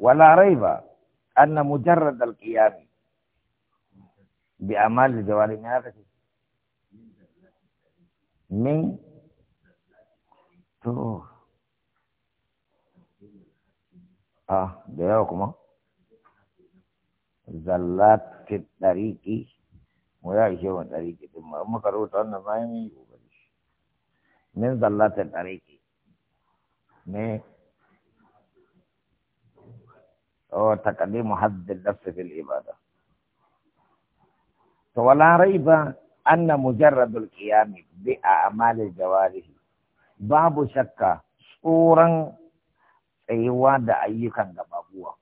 ولا ريب أن مجرد القيام بأعمال الجوارح هذا من تو آه دعوكم زلات في الطريق ويا يشوف الطريق ثم أم كروت أنا ما يمي من زلات الطريق من أو تقديم حد النفس في العبادة ولا ريب أن مجرد القيام بأعمال الجوارح babu shakka صورا tsayuwa da ayyukan gabaguwa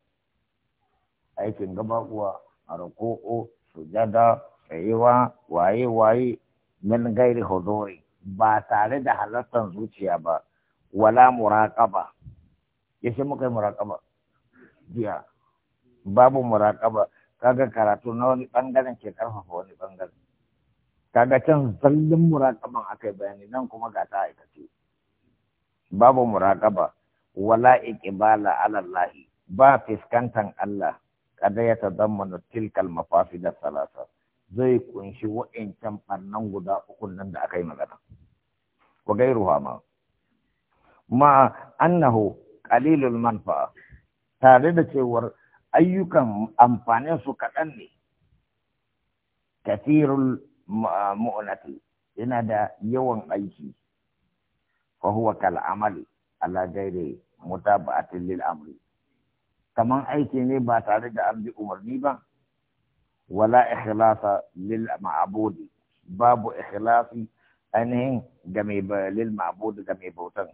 aikin gabaguwa a ruku'u sujada tsayuwa waye waye min gairi huzuri ba tare da halartar zuciya ba wala muraqaba yace muka yi muraqaba jiya babu muraƙaba kaga karatu na wani ɓangaren ke ƙarfafa wani ɓangaren kaga can zallin muraƙaban aka yi bayani nan kuma ga ta aikace babu muraƙaba wala iqbala ala Allah ba fiskantan Allah kada ya tadammanu tilkal mafasid salasa zai kunshi wa'ancan ɓarnan guda uku nan da aka yi magana ko gairuha ma ma annahu qalilul manfa'a tare da cewar ayyukan amfanin su kaɗan ne kafirul ah, mu'nati yana da yawan aiki fa huwa kal amali ala ghairi mutaba'atin lil amri kaman aiki ne ba tare da an bi umarni ba wala ikhlasa lil ma'budi babu ikhlasi anin ga mai lil ma'budi ga mai bautan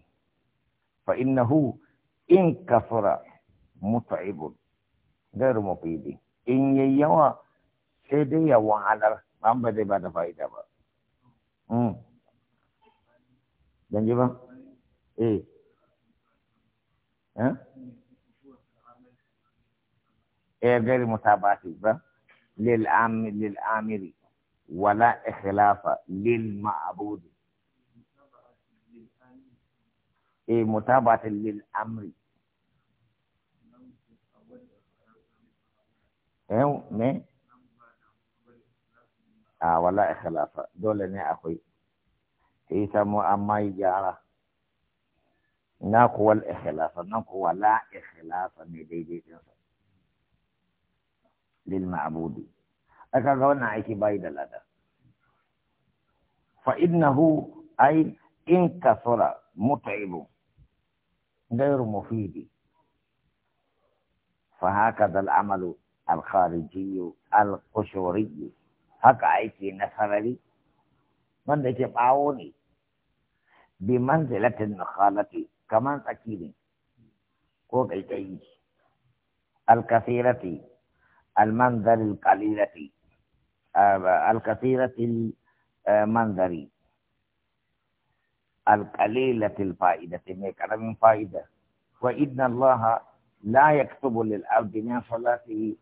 fa innahu in kafara متعب غير مفيد إن يوا سيدي وعلى أم بدي بعد فائدة ام دنجي با إيه ها إيه غير متابعه با للعام للعامل ولا إخلاف للمعبود إيه متابعة للأمر eh me a wala ikhlasa dole ne akwai sai samu amma yi gyara na kuwa ikhlasa nan kuwa la ikhlasa ne daidai din sa lil ma'budi aka ga wannan aiki bai da lada fa innahu ay in kasura mut'ibu غير مفيد فهكذا العمل الخارجي القشوري حقائق نفرري من ذا تبعوني بمنزلة النخالة كمان تكيني كو الجيش الكثيرة المنظر القليلة آه، الكثيرة المنظر القليلة الفائدة كان من فائدة وإن الله لا يكتب للأرض من صلاته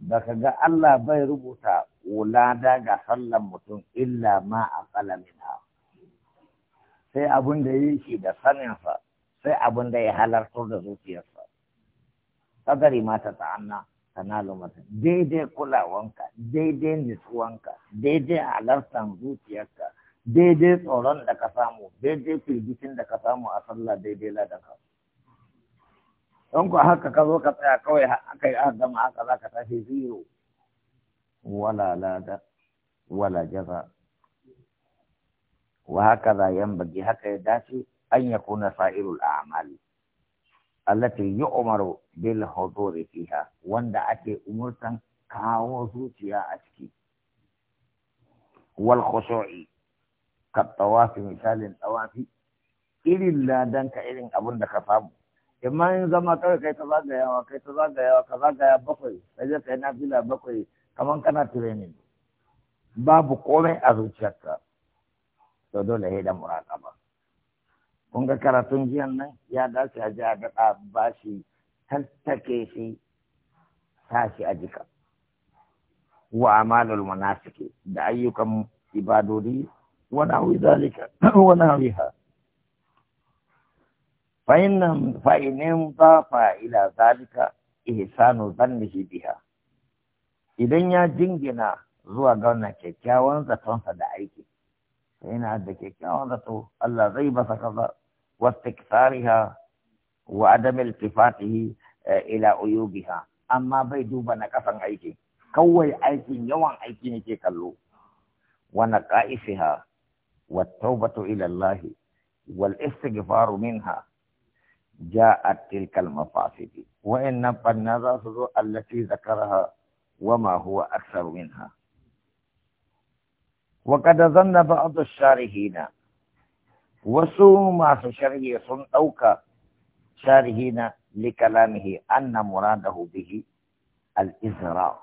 ba ka ga Allah bai rubuta wulada ga sallan mutum illa ma a kalamina sai abin da yi shi da saninsa sai abin da ya halartar da zuciyarsa kadari mata ta'anna na mata daidai kulawanka daidai nutsuwanka daidai halartar zuciyarka daidai tsoron da ka samu daidai firgicin da ka samu a sallah daidai ladaka Don ku haka ka zo ka tsaya kawai aka yi aka zama haka za ka tafi zero wala lada wala jaza wa haka za yan bagi haka ya dace an ya kuna sa'irul a'mali allati yu'maru bil huduri fiha wanda ake umurtan kawo zuciya a ciki wal khushu'i ka tawafi misalin tawafi irin ladan ka irin abin da ka samu amma in zama kawai kai ta zagayawa kai ta zagayawa ka zagaya bakwai Kai zai kai nafila bakwai kamar kana training babu komai a zuciyarka to dole sai da ba. kun ga karatun jiyan nan ya dace a ji a daɗa ba shi tattake shi shi a jika wa amalul munafiki da ayyukan ibadodi wa nahwi zalika wa nahwiha فإن فإن مضاف إلى ذلك إحسان ظنه بها إذن يا جنجنا زوا غنا كيكاوان زكاوان فدعيك فإن عد كيكاوان ذاتو الله غيب واستكثارها وعدم التفاته آه، إلى عيوبها أما بيدو بنكسن عيك كوي عيك يوان عيك نكي كلو ونقائفها والتوبة إلى الله والاستغفار منها جاءت تلك المفاسد وإن النظر التي ذكرها وما هو أكثر منها وقد ظن بعض الشارحين وسوما شرعي سن أوكا شارحين لكلامه أن مراده به الإزراء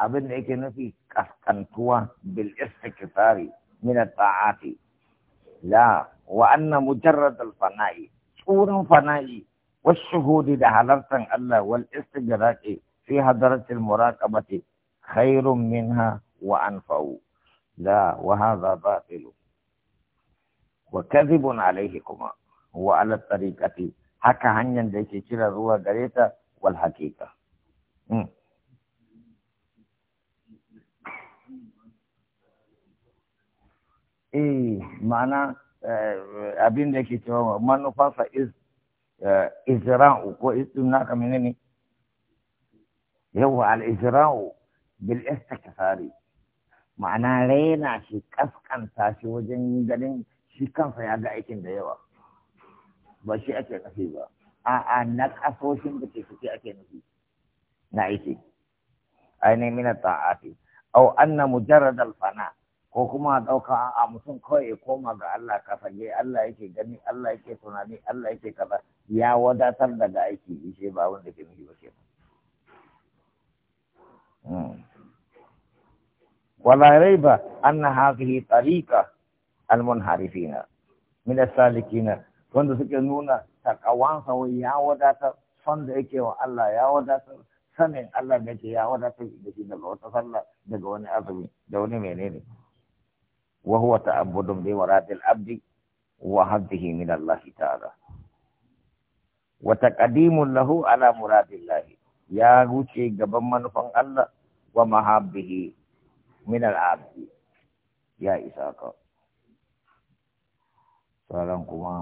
أبن إكن في كسكنتوا بالاستكثار من الطاعات لا وأن مجرد الفناء مشهور فنائي والشهود لحضرة الله والاستجراء في حضرة المراقبة خير منها وأنفعوا لا وهذا باطل وكذب عليهما وعلى الطريقة حكا هنيا da yake روى قريتا والحقيقة إيه معناه Eh, abin da yake cewa manufansa eh, izra'u ko istimna ka menene yawa al-izra'u bil istikfari ma'ana raina shi kaskanta shi wajen ganin shi kansa ya ga aikin da yawa ba shi ake nufi ba a'a na kasoshin da ke suke ake nufi na aiki ainihin mina ta'ati au anna mujarrad al-fana' ko kuma a ɗauka a mutum kawai ya koma ga Allah kafage Allah yake gani Allah yake tunani Allah yake kaza ya wadatar daga aiki ishe ba wanda ke miji ba ke hmm. wala na anna hadhihi tariqa alman harifina, as-salikina wanda suke nuna takawan wai ya wadatar son da yake wa Allah ya wadatar sanin Allah da ke ya wadatar da shi daga wata sallah daga wani azumi da wani menene وهو تعبد لمراد العبد وحظه من الله تعالى وتقديم له على مراد الله يا غوشي غبن منفن الله ومحبه من العبد يا إسحاق سلام